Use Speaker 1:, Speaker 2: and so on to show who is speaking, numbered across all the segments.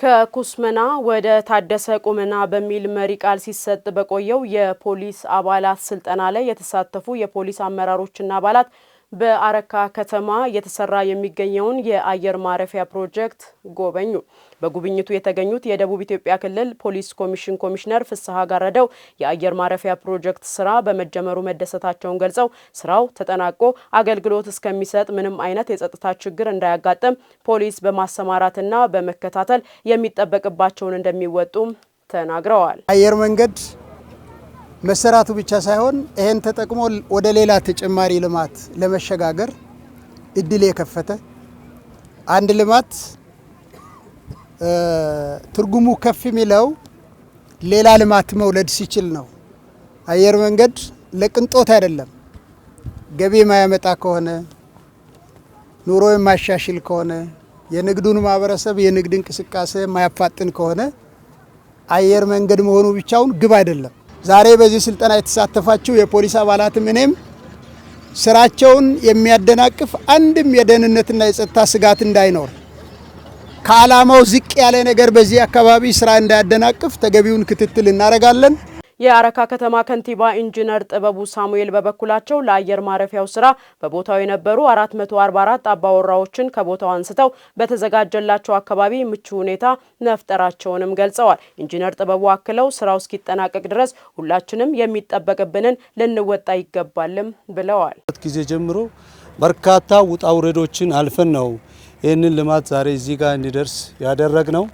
Speaker 1: ከኩስመና ወደ ታደሰ ቁመና በሚል መሪ ቃል ሲሰጥ በቆየው የፖሊስ አባላት ስልጠና ላይ የተሳተፉ የፖሊስ አመራሮችና አባላት በአረካ ከተማ እየተሰራ የሚገኘውን የአየር ማረፊያ ፕሮጀክት ጎበኙ። በጉብኝቱ የተገኙት የደቡብ ኢትዮጵያ ክልል ፖሊስ ኮሚሽን ኮሚሽነር ፍስሐ ጋረደው የአየር ማረፊያ ፕሮጀክት ስራ በመጀመሩ መደሰታቸውን ገልጸው ስራው ተጠናቆ አገልግሎት እስከሚሰጥ ምንም አይነት የጸጥታ ችግር እንዳያጋጥም ፖሊስ በማሰማራትና በመከታተል የሚጠበቅባቸውን እንደሚወጡም ተናግረዋል።
Speaker 2: አየር መንገድ መሰራቱ ብቻ ሳይሆን ይህን ተጠቅሞ ወደ ሌላ ተጨማሪ ልማት ለመሸጋገር እድል የከፈተ አንድ ልማት ትርጉሙ ከፍ የሚለው ሌላ ልማት መውለድ ሲችል ነው። አየር መንገድ ለቅንጦት አይደለም። ገቢ የማያመጣ ከሆነ ኑሮ የማያሻሽል ከሆነ የንግዱን ማህበረሰብ የንግድ እንቅስቃሴ የማያፋጥን ከሆነ አየር መንገድ መሆኑ ብቻውን ግብ አይደለም። ዛሬ በዚህ ስልጠና የተሳተፋችሁ የፖሊስ አባላትም እኔም ስራቸውን የሚያደናቅፍ አንድም የደህንነትና የጸጥታ ስጋት እንዳይኖር ከዓላማው ዝቅ ያለ ነገር በዚህ አካባቢ ስራ እንዳያደናቅፍ ተገቢውን ክትትል እናደርጋለን።
Speaker 1: የአረካ ከተማ ከንቲባ ኢንጂነር ጥበቡ ሳሙኤል በበኩላቸው ለአየር ማረፊያው ስራ በቦታው የነበሩ 444 አባወራዎችን ከቦታው አንስተው በተዘጋጀላቸው አካባቢ ምቹ ሁኔታ መፍጠራቸውንም ገልጸዋል። ኢንጂነር ጥበቡ አክለው ስራው እስኪጠናቀቅ ድረስ ሁላችንም የሚጠበቅብንን ልንወጣ ይገባልም ብለዋል።
Speaker 3: ጊዜ ጀምሮ በርካታ ውጣ ውረዶችን አልፈን ነው ይህንን ልማት ዛሬ እዚህ ጋር እንዲደርስ ያደረግ ነው።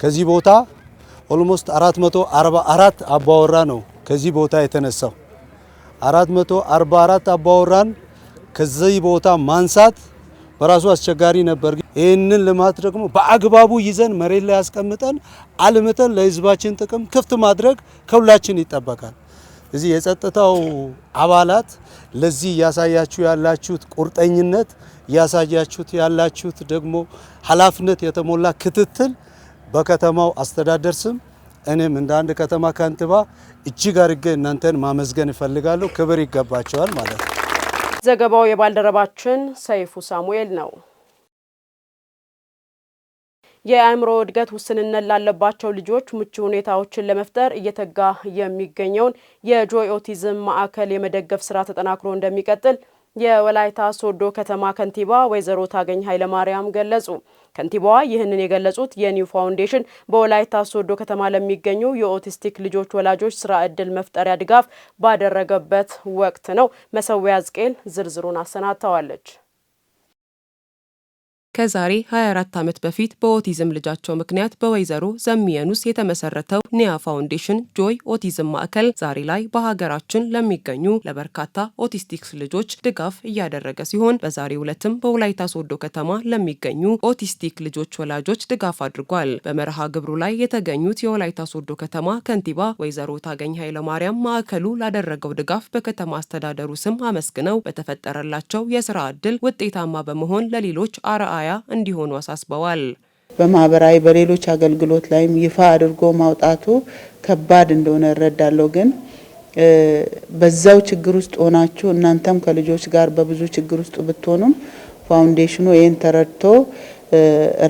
Speaker 3: ከዚህ ቦታ ኦልሞስት 444 አባወራ ነው ከዚህ ቦታ የተነሳው። 444 አባወራን ከዚህ ቦታ ማንሳት በራሱ አስቸጋሪ ነበር። ይህንን ልማት ደግሞ በአግባቡ ይዘን መሬት ላይ ያስቀምጠን አልምተን ለህዝባችን ጥቅም ክፍት ማድረግ ከሁላችን ይጠበቃል። እዚህ የጸጥታው አባላት ለዚህ እያሳያችሁ ያላችሁት ቁርጠኝነት እያሳያችሁት ያላችሁት ደግሞ ኃላፊነት የተሞላ ክትትል በከተማው አስተዳደር ስም እኔም እንደ አንድ ከተማ ከንቲባ እጅግ አድርጌ እናንተን ማመስገን እፈልጋለሁ። ክብር ይገባቸዋል ማለት ነው።
Speaker 1: ዘገባው የባልደረባችን ሰይፉ ሳሙኤል ነው። የአእምሮ እድገት ውስንነት ላለባቸው ልጆች ምቹ ሁኔታዎችን ለመፍጠር እየተጋ የሚገኘውን የጆይ ኦቲዝም ማዕከል የመደገፍ ስራ ተጠናክሮ እንደሚቀጥል የወላይታ ሶዶ ከተማ ከንቲባ ወይዘሮ ታገኝ ኃይለማርያም ገለጹ። ከንቲባዋ ይህንን የገለጹት የኒው ፋውንዴሽን በወላይታ ሶዶ ከተማ ለሚገኙ የኦቲስቲክ ልጆች ወላጆች ስራ እድል መፍጠሪያ ድጋፍ ባደረገበት ወቅት ነው። መሰዊያ ዝቅኤል ዝርዝሩን አሰናድተዋለች። ከዛሬ 24 ዓመት በፊት በኦቲዝም ልጃቸው ምክንያት በወይዘሮ ዘሚየኑስ የተመሰረተው ኒያ ፋውንዴሽን ጆይ ኦቲዝም ማዕከል ዛሬ ላይ በሀገራችን ለሚገኙ ለበርካታ ኦቲስቲክስ ልጆች ድጋፍ እያደረገ ሲሆን በዛሬው ዕለትም በወላይታ ሶዶ ከተማ ለሚገኙ ኦቲስቲክ ልጆች ወላጆች ድጋፍ አድርጓል። በመርሃ ግብሩ ላይ የተገኙት የወላይታ ሶዶ ከተማ ከንቲባ ወይዘሮ ታገኝ ኃይለማርያም ማዕከሉ ላደረገው ድጋፍ በከተማ አስተዳደሩ ስም አመስግነው በተፈጠረላቸው የስራ ዕድል ውጤታማ በመሆን ለሌሎች አርአያ ማሳያ እንዲሆኑ አሳስበዋል።
Speaker 4: በማህበራዊ በሌሎች አገልግሎት ላይም ይፋ አድርጎ ማውጣቱ ከባድ እንደሆነ እረዳለሁ። ግን በዛው ችግር ውስጥ ሆናችሁ እናንተም ከልጆች ጋር በብዙ ችግር ውስጥ ብትሆኑም ፋውንዴሽኑ ይህን ተረድቶ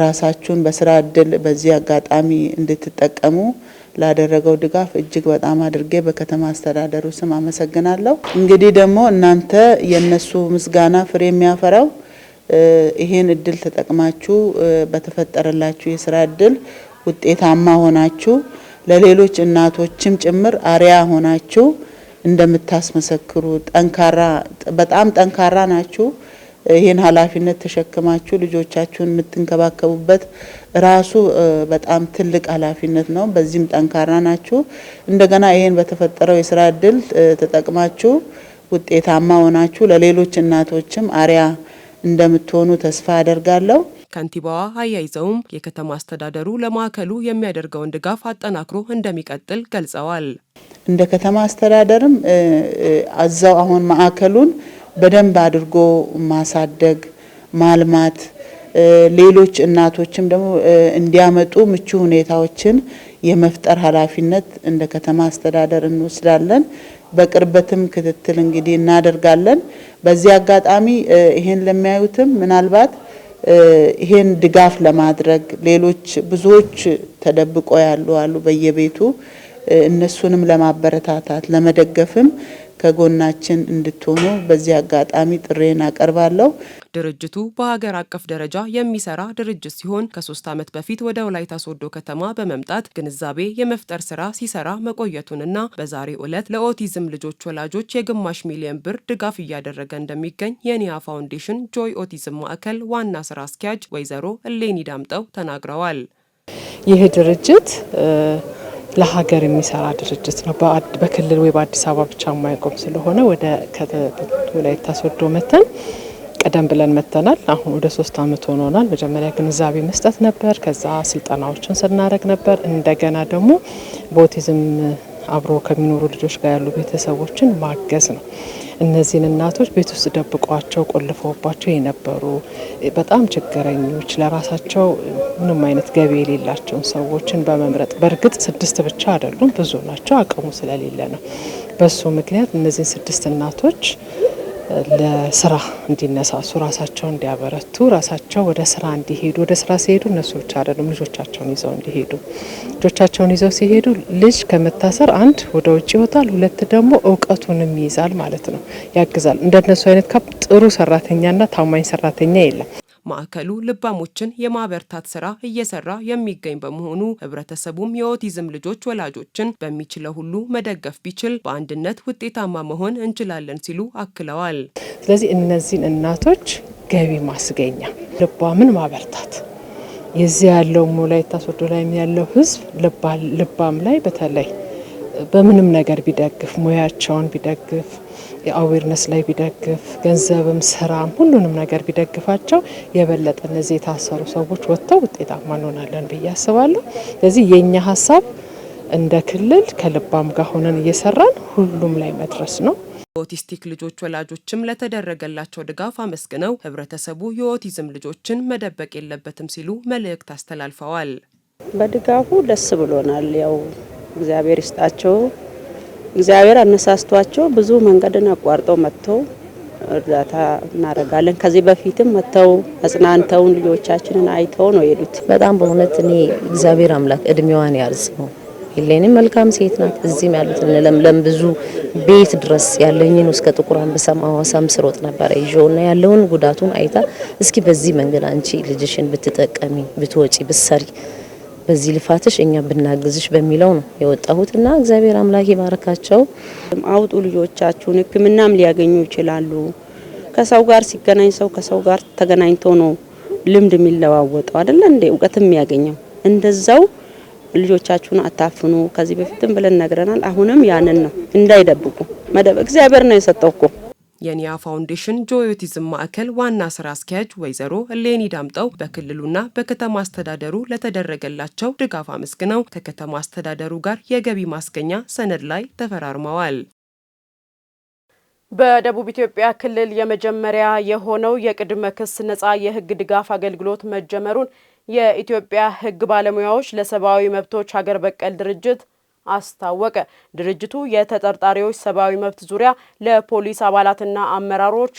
Speaker 4: ራሳችሁን በስራ እድል በዚህ አጋጣሚ እንድትጠቀሙ ላደረገው ድጋፍ እጅግ በጣም አድርጌ በከተማ አስተዳደሩ ስም አመሰግናለሁ። እንግዲህ ደግሞ እናንተ የእነሱ ምስጋና ፍሬ የሚያፈራው ይሄን እድል ተጠቅማችሁ በተፈጠረላችሁ የስራ እድል ውጤታማ ሆናችሁ ለሌሎች እናቶችም ጭምር አሪያ ሆናችሁ እንደምታስመሰክሩ ጠንካራ በጣም ጠንካራ ናችሁ። ይህን ኃላፊነት ተሸክማችሁ ልጆቻችሁን የምትንከባከቡበት ራሱ በጣም ትልቅ ኃላፊነት ነው። በዚህም ጠንካራ ናችሁ። እንደገና ይህን በተፈጠረው የስራ እድል ተጠቅማችሁ ውጤታማ ሆናችሁ ለሌሎች እናቶችም አሪያ እንደምትሆኑ ተስፋ አደርጋለሁ።
Speaker 1: ከንቲባዋ አያይዘውም የከተማ አስተዳደሩ ለማዕከሉ የሚያደርገውን ድጋፍ አጠናክሮ እንደሚቀጥል ገልጸዋል።
Speaker 4: እንደ ከተማ አስተዳደርም እዛው አሁን ማዕከሉን በደንብ አድርጎ ማሳደግ ማልማት ሌሎች እናቶችም ደግሞ እንዲያመጡ ምቹ ሁኔታዎችን የመፍጠር ኃላፊነት እንደ ከተማ አስተዳደር እንወስዳለን። በቅርበትም ክትትል እንግዲህ እናደርጋለን። በዚህ አጋጣሚ ይሄን ለሚያዩትም ምናልባት ይሄን ድጋፍ ለማድረግ ሌሎች ብዙዎች ተደብቆ ያሉ አሉ በየቤቱ እነሱንም ለማበረታታት ለመደገፍም ከጎናችን እንድትሆኑ በዚህ አጋጣሚ ጥሬን አቀርባለሁ።
Speaker 1: ድርጅቱ በሀገር አቀፍ ደረጃ የሚሰራ ድርጅት ሲሆን ከሶስት ዓመት በፊት ወደ ወላይታ ሶዶ ከተማ በመምጣት ግንዛቤ የመፍጠር ስራ ሲሰራ መቆየቱንና በዛሬ ዕለት ለኦቲዝም ልጆች ወላጆች የግማሽ ሚሊዮን ብር ድጋፍ እያደረገ እንደሚገኝ የኒያ ፋውንዴሽን ጆይ ኦቲዝም ማዕከል ዋና ስራ አስኪያጅ ወይዘሮ እሌኒ ዳምጠው ተናግረዋል።
Speaker 5: ይህ ድርጅት ለሀገር የሚሰራ ድርጅት ነው። በክልል ወይ በአዲስ አበባ ብቻ የማይቆም ስለሆነ ወደ ወላይታ ሶዶ መተን ቀደም ብለን መተናል። አሁን ወደ ሶስት አመት ሆኖናል። መጀመሪያ ግንዛቤ መስጠት ነበር። ከዛ ስልጠናዎችን ስናደርግ ነበር። እንደገና ደግሞ በኦቲዝም አብሮ ከሚኖሩ ልጆች ጋር ያሉ ቤተሰቦችን ማገዝ ነው። እነዚህን እናቶች ቤት ውስጥ ደብቋቸው ቆልፈውባቸው የነበሩ በጣም ችግረኞች፣ ለራሳቸው ምንም አይነት ገቢ የሌላቸውን ሰዎችን በመምረጥ በእርግጥ ስድስት ብቻ አይደሉም፣ ብዙ ናቸው። አቅሙ ስለሌለ ነው። በሱ ምክንያት እነዚህን ስድስት እናቶች ለስራ እንዲነሳሱ ራሳቸው እንዲያበረቱ ራሳቸው ወደ ስራ እንዲሄዱ ወደ ስራ ሲሄዱ እነሱ ብቻ አይደሉም ልጆቻቸውን ይዘው እንዲሄዱ ልጆቻቸውን ይዘው ሲሄዱ ልጅ ከመታሰር አንድ ወደ ውጭ ይወጣል፣ ሁለት ደግሞ እውቀቱንም ይይዛል ማለት ነው፣ ያግዛል። እንደነሱ አይነት ካፕ ጥሩ ሰራተኛና ታማኝ ሰራተኛ የለም።
Speaker 1: ማዕከሉ ልባሞችን የማበርታት ስራ እየሰራ የሚገኝ በመሆኑ ህብረተሰቡም የኦቲዝም ልጆች ወላጆችን በሚችለው ሁሉ መደገፍ ቢችል በአንድነት ውጤታማ መሆን እንችላለን ሲሉ አክለዋል።
Speaker 4: ስለዚህ እነዚህን እናቶች ገቢ ማስገኛ ልባምን ማበርታት የዚህ ያለው ወላይታ ሶዶ ላይ ያለው ህዝብ ልባም ላይ በተለይ በምንም ነገር ቢደግፍ፣ ሙያቸውን ቢደግፍ፣ የአዌርነስ ላይ ቢደግፍ፣ ገንዘብም ስራም ሁሉንም ነገር ቢደግፋቸው የበለጠ እነዚህ የታሰሩ ሰዎች ወጥተው ውጤታማ እንሆናለን ብዬ አስባለሁ። ስለዚህ የእኛ ሀሳብ እንደ ክልል ከልባም ጋር ሆነን እየሰራን ሁሉም ላይ መድረስ ነው።
Speaker 1: ኦቲስቲክ ልጆች ወላጆችም ለተደረገላቸው ድጋፍ አመስግነው ህብረተሰቡ የኦቲዝም ልጆችን መደበቅ የለበትም ሲሉ መልእክት አስተላልፈዋል።
Speaker 6: በድጋፉ ደስ ብሎናል። ያው እግዚአብሔር ይስጣቸው። እግዚአብሔር አነሳስቷቸው ብዙ መንገድን አቋርጠው መጥተው እርዳታ እናደርጋለን። ከዚህ በፊትም መጥተው አጽናንተውን ልጆቻችንን አይተው ነው የሄዱት።
Speaker 7: በጣም በእውነት እኔ እግዚአብሔር አምላክ እድሜዋን ያርዝመው። ሄሌንም መልካም ሴት ናት። እዚህም ያሉት ለምለም ብዙ ቤት ድረስ ያለኝን እስከ ጥቁር አንበሳም ሐዋሳም ስሮጥ ነበረ ይዤውና ያለውን ጉዳቱን አይታ እስኪ በዚህ መንገድ አንቺ ልጅሽን ብትጠቀሚ ብትወጪ ብትሰሪ በዚህ ልፋትሽ እኛ ብናግዝሽ በሚለው ነው የወጣሁት እና እግዚአብሔር አምላክ ይባርካቸው።
Speaker 8: አውጡ ልጆቻችሁን፣ ሕክምናም ሊያገኙ ይችላሉ። ከሰው ጋር ሲገናኝ ሰው ከሰው ጋር ተገናኝቶ ነው ልምድ የሚለዋወጠው አይደለ እንዴ? እውቀት የሚያገኘው እንደዛው ልጆቻችሁን አታፍኑ። ከዚህ በፊትም ብለን ነግረናል። አሁንም ያንን ነው እንዳይደብቁ መደብ እግዚአብሔር ነው የሰጠው እኮ
Speaker 1: የኒያ ፋውንዴሽን ጆዮቲዝም ማዕከል ዋና ስራ አስኪያጅ ወይዘሮ ሌኒ ዳምጠው በክልሉና በከተማ አስተዳደሩ ለተደረገላቸው ድጋፍ አመስግነው ከከተማ አስተዳደሩ ጋር የገቢ ማስገኛ ሰነድ ላይ ተፈራርመዋል። በደቡብ ኢትዮጵያ ክልል የመጀመሪያ የሆነው የቅድመ ክስ ነጻ የህግ ድጋፍ አገልግሎት መጀመሩን የኢትዮጵያ ህግ ባለሙያዎች ለሰብአዊ መብቶች ሀገር በቀል ድርጅት አስታወቀ። ድርጅቱ የተጠርጣሪዎች ሰብአዊ መብት ዙሪያ ለፖሊስ አባላትና አመራሮች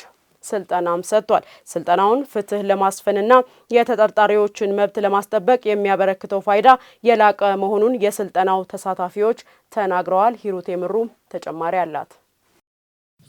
Speaker 1: ስልጠናም ሰጥቷል። ስልጠናውን ፍትህ ለማስፈንና የተጠርጣሪዎችን መብት ለማስጠበቅ የሚያበረክተው ፋይዳ የላቀ መሆኑን የስልጠናው ተሳታፊዎች ተናግረዋል። ሂሩት የምሩ ተጨማሪ አላት።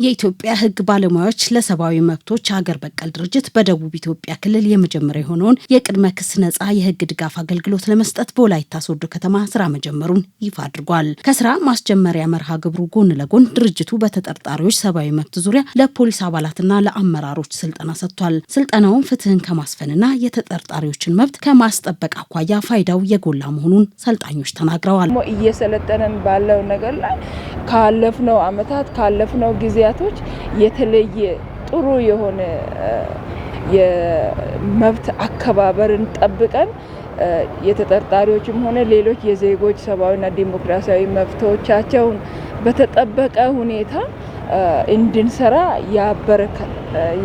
Speaker 1: የኢትዮጵያ ሕግ ባለሙያዎች ለሰብአዊ መብቶች ሀገር በቀል ድርጅት በደቡብ ኢትዮጵያ ክልል የመጀመሪያ የሆነውን የቅድመ ክስ ነጻ የሕግ ድጋፍ አገልግሎት ለመስጠት በወላይታ ሶዶ ከተማ ስራ መጀመሩን ይፋ አድርጓል። ከስራ ማስጀመሪያ መርሃ ግብሩ ጎን ለጎን ድርጅቱ በተጠርጣሪዎች ሰብአዊ መብት ዙሪያ ለፖሊስ አባላትና ለአመራሮች ስልጠና ሰጥቷል። ስልጠናውን ፍትህን ከማስፈንና የተጠርጣሪዎችን መብት ከማስጠበቅ አኳያ ፋይዳው የጎላ መሆኑን ሰልጣኞች ተናግረዋል።
Speaker 9: እየሰለጠነን ባለው ነገር ላይ ካለፍነው አመታት ካለፍነው ጊዜ ግዛቶች የተለየ ጥሩ የሆነ የመብት አከባበርን ጠብቀን የተጠርጣሪዎችም ሆነ ሌሎች የዜጎች ሰብአዊና ዲሞክራሲያዊ መብቶቻቸውን በተጠበቀ ሁኔታ እንድንሰራ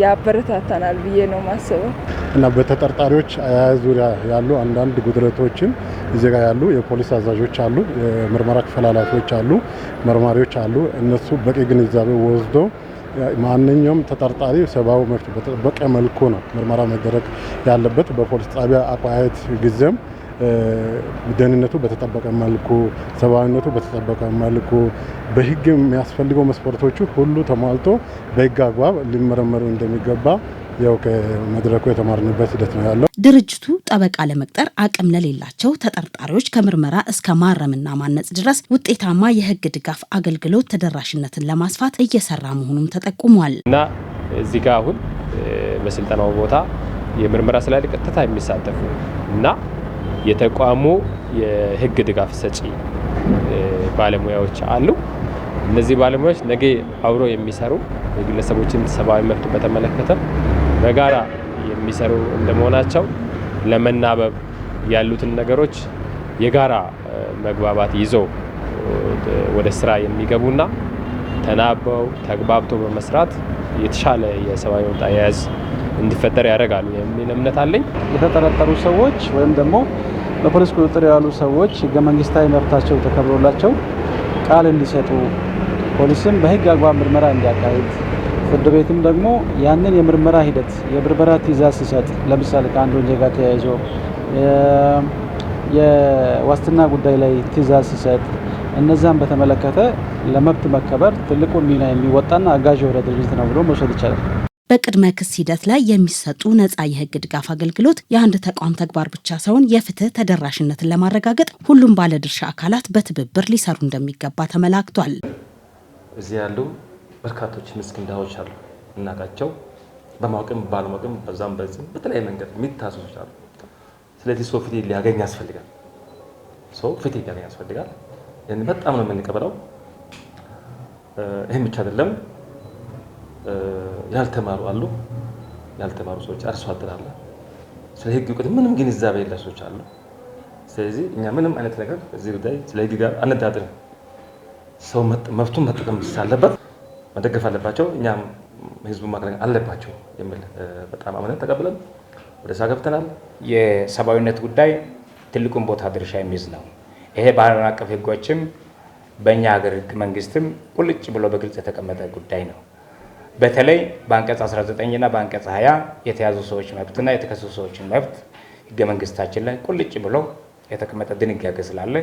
Speaker 9: ያበረታታናል ብዬ ነው ማስበው
Speaker 10: እና በተጠርጣሪዎች አያያዝ ዙሪያ ያሉ አንዳንድ ጉድለቶችን እዚህ ጋ ያሉ የፖሊስ አዛዦች አሉ፣ የምርመራ ክፍል ኃላፊዎች አሉ፣ መርማሪዎች አሉ። እነሱ በቂ ግንዛቤ ወስዶ ማንኛውም ተጠርጣሪ ሰብአዊ መብት በጠበቀ መልኩ ነው ምርመራ መደረግ ያለበት። በፖሊስ ጣቢያ አቋየት ጊዜም ደህንነቱ በተጠበቀ መልኩ፣ ሰብአዊነቱ በተጠበቀ መልኩ በህግ የሚያስፈልገው መስፈርቶቹ ሁሉ ተሟልቶ በህግ አግባብ ሊመረመሩ እንደሚገባ ያው ከመድረኩ የተማርንበት ሂደት ነው ያለው።
Speaker 1: ድርጅቱ ጠበቃ ለመቅጠር አቅም ለሌላቸው ተጠርጣሪዎች ከምርመራ እስከ ማረምና ማነጽ ድረስ ውጤታማ የህግ ድጋፍ አገልግሎት ተደራሽነትን ለማስፋት እየሰራ መሆኑም ተጠቁሟል።
Speaker 11: እና እዚህ ጋር አሁን በስልጠናው ቦታ የምርመራ ስላለ ቀጥታ የሚሳተፉ እና የተቋሙ የህግ ድጋፍ ሰጪ ባለሙያዎች አሉ። እነዚህ ባለሙያዎች ነገ አብሮ የሚሰሩ የግለሰቦችን ሰብአዊ መብት በተመለከተ በጋራ የሚሰሩ እንደመሆናቸው ለመናበብ ያሉትን ነገሮች የጋራ መግባባት ይዞ ወደ ስራ የሚገቡና ተናበው ተግባብቶ በመስራት የተሻለ የሰብአዊ መብት አያያዝ እንዲፈጠር ያደርጋሉ የሚል እምነት አለኝ።
Speaker 12: የተጠረጠሩ ሰዎች ወይም ደግሞ በፖሊስ ቁጥጥር ያሉ ሰዎች ህገ መንግስታዊ መብታቸው ተከብሮላቸው ቃል እንዲሰጡ ፖሊስም በህግ አግባብ ምርመራ እንዲያካሂድ ፍርድ ቤትም ደግሞ ያንን የምርመራ ሂደት የብርበራ ትዕዛዝ ሲሰጥ ለምሳሌ ከአንድ ወንጀል ጋር ተያይዞ የዋስትና ጉዳይ ላይ ትዕዛዝ ሲሰጥ እነዛን በተመለከተ ለመብት መከበር ትልቁን ሚና የሚወጣና አጋዥ የሆነ ድርጅት ነው ብሎ መውሰድ ይቻላል።
Speaker 1: በቅድመ ክስ ሂደት ላይ የሚሰጡ ነጻ የህግ ድጋፍ አገልግሎት የአንድ ተቋም ተግባር ብቻ ሳይሆን የፍትህ ተደራሽነትን ለማረጋገጥ ሁሉም ባለድርሻ አካላት በትብብር ሊሰሩ እንደሚገባ ተመላክቷል።
Speaker 13: እዚህ ያሉ በርካቶች ምስክንዳዎች አሉ፣ እናቃቸው በማወቅም ባለማወቅም በዛም በዚህም በተለያየ መንገድ የሚታሰሱ አሉ። ስለዚህ ሰው ፍትህ ሊያገኝ ያስፈልጋል። ሰው ፍትህ ሊያገኝ ያስፈልጋል። ይህን በጣም ነው የምንቀበለው። ይህም ብቻ አይደለም ያልተማሩ አሉ። ያልተማሩ ሰዎች አርሶ አደር አለ። ስለ ህግ እውቀት ምንም ግንዛቤ የላቸው ሰዎች አሉ። ስለዚህ እኛ ምንም አይነት ነገር እዚህ ጉዳይ ስለ ህግ ጋር አነዳድርም። ሰው መብቱን መጠቀም ሳለበት መደገፍ አለባቸው። እኛም ህዝቡ ማክረግ አለባቸው የሚል በጣም አምነት ተቀብለን ወደ ስራ ገብተናል።
Speaker 14: የሰብአዊነት ጉዳይ ትልቁን ቦታ ድርሻ የሚይዝ ነው። ይሄ በዓለም አቀፍ ህጎችም በእኛ ሀገር ህግ መንግስትም ቁልጭ ብሎ በግልጽ የተቀመጠ ጉዳይ ነው። በተለይ በአንቀጽ 19 እና በአንቀጽ 20 የተያዙ ሰዎች መብትና የተከሰሱ ሰዎችን መብት ህገ መንግስታችን ላይ ቁልጭ ብሎ የተቀመጠ ድንጋጌ ስላለ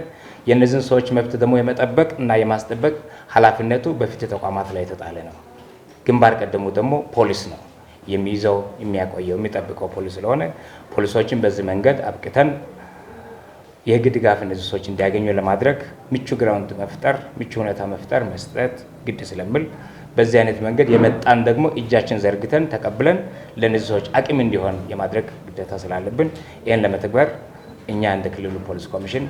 Speaker 14: የእነዚህን ሰዎች መብት ደግሞ የመጠበቅ እና የማስጠበቅ ኃላፊነቱ በፍትህ ተቋማት ላይ የተጣለ ነው። ግንባር ቀደሙ ደግሞ ፖሊስ ነው የሚይዘው የሚያቆየው የሚጠብቀው ፖሊስ ስለሆነ ፖሊሶችን በዚህ መንገድ አብቅተን የህግ ድጋፍ እነዚህ ሰዎች እንዲያገኙ ለማድረግ ምቹ ግራውንድ መፍጠር ምቹ ሁኔታ መፍጠር መስጠት ግድ ስለምል በዚህ አይነት መንገድ የመጣን ደግሞ እጃችን ዘርግተን ተቀብለን ለእነዚህ ሰዎች አቅም እንዲሆን የማድረግ ግዴታ ስላለብን ይህን ለመተግበር እኛ እንደ ክልሉ ፖሊስ ኮሚሽን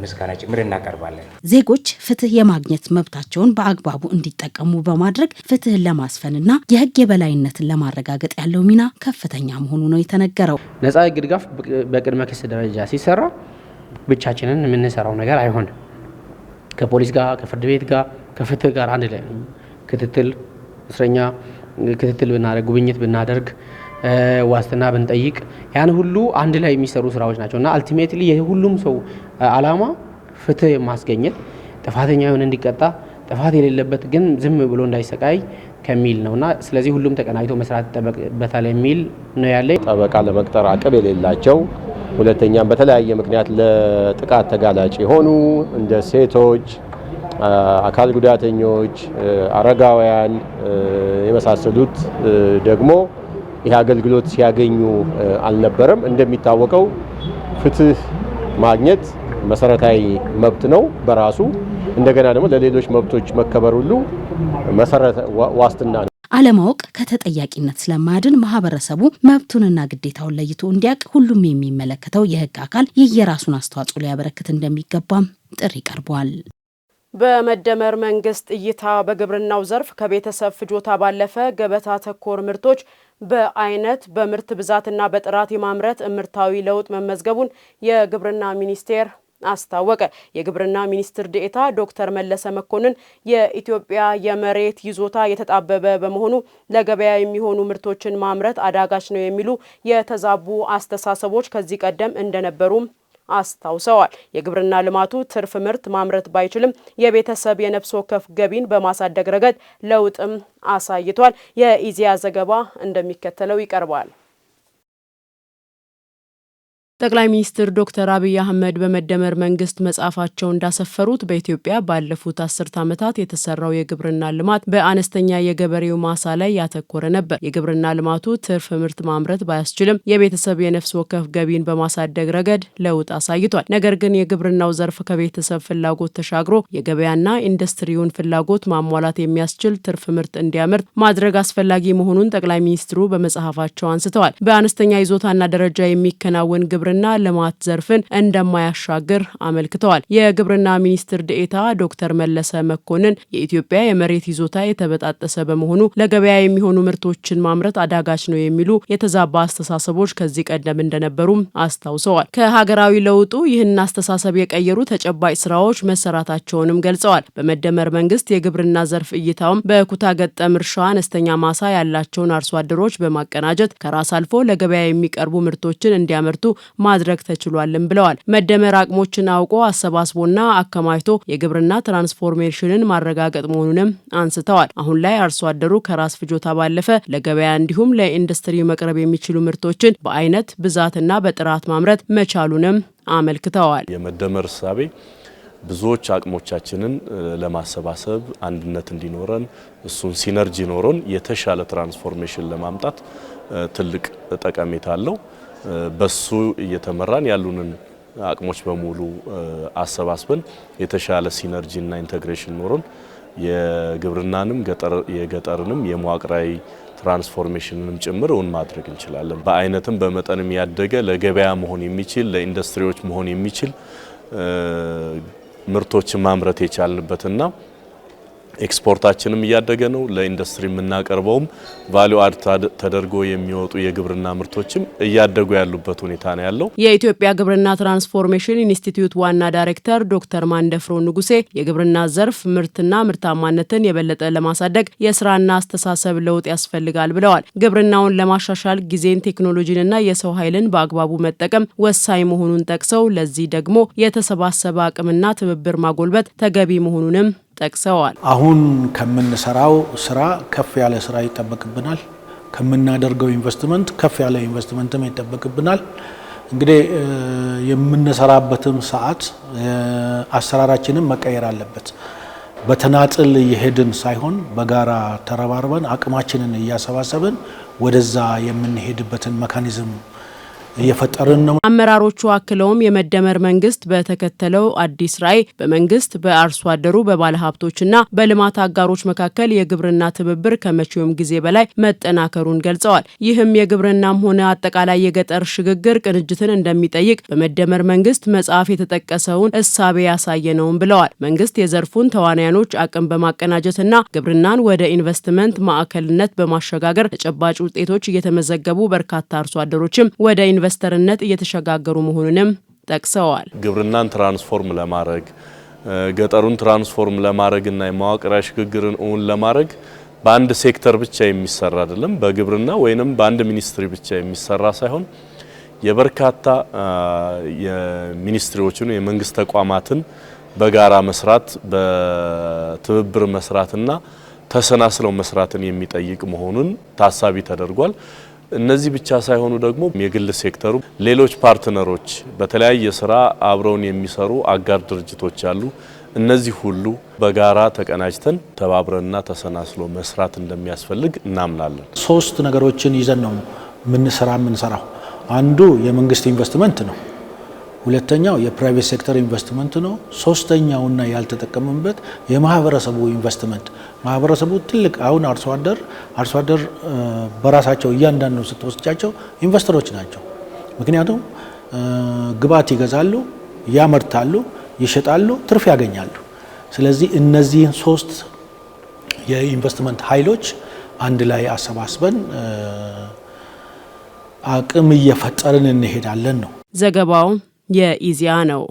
Speaker 14: ምስጋና ጭምር እናቀርባለን።
Speaker 1: ዜጎች ፍትህ የማግኘት መብታቸውን በአግባቡ እንዲጠቀሙ በማድረግ ፍትህን ለማስፈንና የህግ የበላይነትን ለማረጋገጥ ያለው ሚና ከፍተኛ መሆኑ ነው የተነገረው።
Speaker 15: ነጻ ህግ ድጋፍ በቅድመ ክስ ደረጃ ሲሰራ ብቻችንን የምንሰራው ነገር አይሆንም። ከፖሊስ ጋር፣ ከፍርድ ቤት ጋር፣ ከፍትህ ጋር አንድ ላይ ክትትል እስረኛ ክትትል ብናደርግ ጉብኝት ብናደርግ ዋስትና ብንጠይቅ ያን ሁሉ አንድ ላይ የሚሰሩ ስራዎች ናቸው እና አልቲሜትሊ የሁሉም ሰው አላማ ፍትህ ማስገኘት ጥፋተኛ የሆነ እንዲቀጣ ጥፋት የሌለበት ግን ዝም ብሎ እንዳይሰቃይ ከሚል ነው እና ስለዚህ ሁሉም ተቀናጅቶ መስራት ይጠበቅበታል የሚል ነው ያለ።
Speaker 16: ጠበቃ ለመቅጠር አቅም የሌላቸው ሁለተኛም በተለያየ ምክንያት ለጥቃት ተጋላጭ የሆኑ እንደ ሴቶች አካል ጉዳተኞች፣ አረጋውያን የመሳሰሉት ደግሞ ይህ አገልግሎት ሲያገኙ አልነበረም። እንደሚታወቀው ፍትህ ማግኘት መሰረታዊ መብት ነው በራሱ እንደገና ደግሞ ለሌሎች መብቶች መከበር ሁሉ መሰረተ ዋስትና ነው።
Speaker 1: አለማወቅ ከተጠያቂነት ስለማያድን ማህበረሰቡ መብቱንና ግዴታውን ለይቶ እንዲያውቅ ሁሉም የሚመለከተው የህግ አካል የየራሱን አስተዋጽኦ ሊያበረክት እንደሚገባም ጥሪ ቀርቧል። በመደመር መንግስት እይታ በግብርናው ዘርፍ ከቤተሰብ ፍጆታ ባለፈ ገበታ ተኮር ምርቶች በአይነት በምርት ብዛትና በጥራት የማምረት እምርታዊ ለውጥ መመዝገቡን የግብርና ሚኒስቴር አስታወቀ። የግብርና ሚኒስትር ዴኤታ ዶክተር መለሰ መኮንን የኢትዮጵያ የመሬት ይዞታ የተጣበበ በመሆኑ ለገበያ የሚሆኑ ምርቶችን ማምረት አዳጋች ነው የሚሉ የተዛቡ አስተሳሰቦች ከዚህ ቀደም እንደነበሩም አስታውሰዋል። የግብርና ልማቱ ትርፍ ምርት ማምረት ባይችልም የቤተሰብ የነፍስ ወከፍ ገቢን በማሳደግ ረገድ ለውጥም አሳይቷል። የኢዜአ ዘገባ እንደሚከተለው ይቀርባል። ጠቅላይ ሚኒስትር ዶክተር አብይ አህመድ በመደመር መንግስት መጽሐፋቸው እንዳሰፈሩት በኢትዮጵያ ባለፉት አስርት ዓመታት የተሰራው የግብርና ልማት በአነስተኛ የገበሬው ማሳ ላይ ያተኮረ ነበር። የግብርና ልማቱ ትርፍ ምርት ማምረት ባያስችልም የቤተሰብ የነፍስ ወከፍ ገቢን በማሳደግ ረገድ ለውጥ አሳይቷል። ነገር ግን የግብርናው ዘርፍ ከቤተሰብ ፍላጎት ተሻግሮ የገበያና ኢንዱስትሪውን ፍላጎት ማሟላት የሚያስችል ትርፍ ምርት እንዲያመርት ማድረግ አስፈላጊ መሆኑን ጠቅላይ ሚኒስትሩ በመጽሐፋቸው አንስተዋል። በአነስተኛ ይዞታና ደረጃ የሚከናወን ግብር የግብርና ልማት ዘርፍን እንደማያሻግር አመልክተዋል። የግብርና ሚኒስትር ዴኤታ ዶክተር መለሰ መኮንን የኢትዮጵያ የመሬት ይዞታ የተበጣጠሰ በመሆኑ ለገበያ የሚሆኑ ምርቶችን ማምረት አዳጋች ነው የሚሉ የተዛባ አስተሳሰቦች ከዚህ ቀደም እንደነበሩም አስታውሰዋል። ከሀገራዊ ለውጡ ይህን አስተሳሰብ የቀየሩ ተጨባጭ ስራዎች መሰራታቸውንም ገልጸዋል። በመደመር መንግስት የግብርና ዘርፍ እይታውም በኩታ ገጠም እርሻ አነስተኛ ማሳ ያላቸውን አርሶ አደሮች በማቀናጀት ከራስ አልፎ ለገበያ የሚቀርቡ ምርቶችን እንዲያመርቱ ማድረግ ተችሏልም ብለዋል። መደመር አቅሞችን አውቆ አሰባስቦና አከማችቶ የግብርና ትራንስፎርሜሽንን ማረጋገጥ መሆኑንም አንስተዋል። አሁን ላይ አርሶ አደሩ ከራስ ፍጆታ ባለፈ ለገበያ እንዲሁም ለኢንዱስትሪ መቅረብ የሚችሉ ምርቶችን በአይነት ብዛትና በጥራት ማምረት መቻሉንም አመልክተዋል።
Speaker 17: የመደመር እሳቤ ብዙዎች አቅሞቻችንን ለማሰባሰብ አንድነት እንዲኖረን እሱን ሲነርጂ ኖሮን የተሻለ ትራንስፎርሜሽን ለማምጣት ትልቅ ጠቀሜታ አለው። በሱ እየተመራን ያሉንን አቅሞች በሙሉ አሰባስበን የተሻለ ሲነርጂ እና ኢንተግሬሽን ኖሮን የግብርናንም የገጠርንም የመዋቅራዊ ትራንስፎርሜሽንንም ጭምር እውን ማድረግ እንችላለን። በአይነትም በመጠንም ያደገ ለገበያ መሆን የሚችል ለኢንዱስትሪዎች መሆን የሚችል ምርቶችን ማምረት የቻልንበትና ኤክስፖርታችንም እያደገ ነው። ለኢንዱስትሪ የምናቀርበውም ቫሊዩ አድ ተደርጎ የሚወጡ የግብርና ምርቶችም እያደጉ ያሉበት ሁኔታ ነው ያለው።
Speaker 1: የኢትዮጵያ ግብርና ትራንስፎርሜሽን ኢንስቲትዩት ዋና ዳይሬክተር ዶክተር ማንደፍሮ ንጉሴ የግብርና ዘርፍ ምርትና ምርታማነትን የበለጠ ለማሳደግ የስራና አስተሳሰብ ለውጥ ያስፈልጋል ብለዋል። ግብርናውን ለማሻሻል ጊዜን፣ ቴክኖሎጂንና የሰው ኃይልን በአግባቡ መጠቀም ወሳኝ መሆኑን ጠቅሰው ለዚህ ደግሞ የተሰባሰበ አቅምና ትብብር ማጎልበት ተገቢ መሆኑንም ጠቅሰዋል።
Speaker 18: አሁን ከምንሰራው ስራ ከፍ ያለ ስራ ይጠበቅብናል። ከምናደርገው ኢንቨስትመንት ከፍ ያለ ኢንቨስትመንትም ይጠበቅብናል። እንግዲህ የምንሰራበትም ሰዓት አሰራራችንም መቀየር አለበት። በተናጥል እየሄድን ሳይሆን በጋራ ተረባርበን አቅማችንን እያሰባሰብን ወደዛ የምንሄድበትን መካኒዝም እየፈጠርን ነው።
Speaker 1: አመራሮቹ አክለውም የመደመር መንግስት በተከተለው አዲስ ራዕይ በመንግስት በአርሶ አደሩ በባለ በልማት አጋሮች መካከል የግብርና ትብብር ከመቼውም ጊዜ በላይ መጠናከሩን ገልጸዋል። ይህም የግብርናም ሆነ አጠቃላይ የገጠር ሽግግር ቅንጅትን እንደሚጠይቅ በመደመር መንግስት መጽሐፍ የተጠቀሰውን እሳቤ ያሳየ ነውም ብለዋል። መንግስት የዘርፉን ተዋናያኖች አቅም በማቀናጀትና ግብርናን ወደ ኢንቨስትመንት ማዕከልነት በማሸጋገር ተጨባጭ ውጤቶች እየተመዘገቡ በርካታ አርሶ አደሮችም ወደ ኢንቨስተርነት እየተሸጋገሩ መሆኑንም ጠቅሰዋል።
Speaker 19: ግብርናን ትራንስፎርም ለማድረግ ገጠሩን ትራንስፎርም ለማድረግና የመዋቅራዊ ሽግግርን እውን ለማድረግ በአንድ ሴክተር ብቻ የሚሰራ አይደለም። በግብርና ወይንም በአንድ ሚኒስትሪ ብቻ የሚሰራ ሳይሆን የበርካታ የሚኒስትሪዎችን የመንግስት ተቋማትን በጋራ መስራት በትብብር መስራትና ተሰናስለው መስራትን የሚጠይቅ መሆኑን ታሳቢ ተደርጓል። እነዚህ ብቻ ሳይሆኑ ደግሞ የግል ሴክተሩ ሌሎች ፓርትነሮች፣ በተለያየ ስራ አብረውን የሚሰሩ አጋር ድርጅቶች አሉ። እነዚህ ሁሉ በጋራ ተቀናጅተን ተባብረንና ተሰናስሎ መስራት እንደሚያስፈልግ እናምናለን።
Speaker 20: ሶስት ነገሮችን ይዘን ነው ምንሰራ የምንሰራው። አንዱ የመንግስት ኢንቨስትመንት ነው። ሁለተኛው የፕራይቬት ሴክተር ኢንቨስትመንት ነው። ሶስተኛውና ያልተጠቀምንበት የማህበረሰቡ ኢንቨስትመንት ማህበረሰቡ ትልቅ አሁን አርሶ አደር አርሶ አደር በራሳቸው እያንዳንዱ ስትወስጃቸው ኢንቨስተሮች ናቸው። ምክንያቱም ግባት ይገዛሉ፣ ያመርታሉ፣ ይሸጣሉ፣ ትርፍ ያገኛሉ። ስለዚህ እነዚህን ሶስት የኢንቨስትመንት ኃይሎች አንድ ላይ አሰባስበን አቅም እየፈጠርን እንሄዳለን ነው
Speaker 1: ዘገባው። የኢዚያ ነው።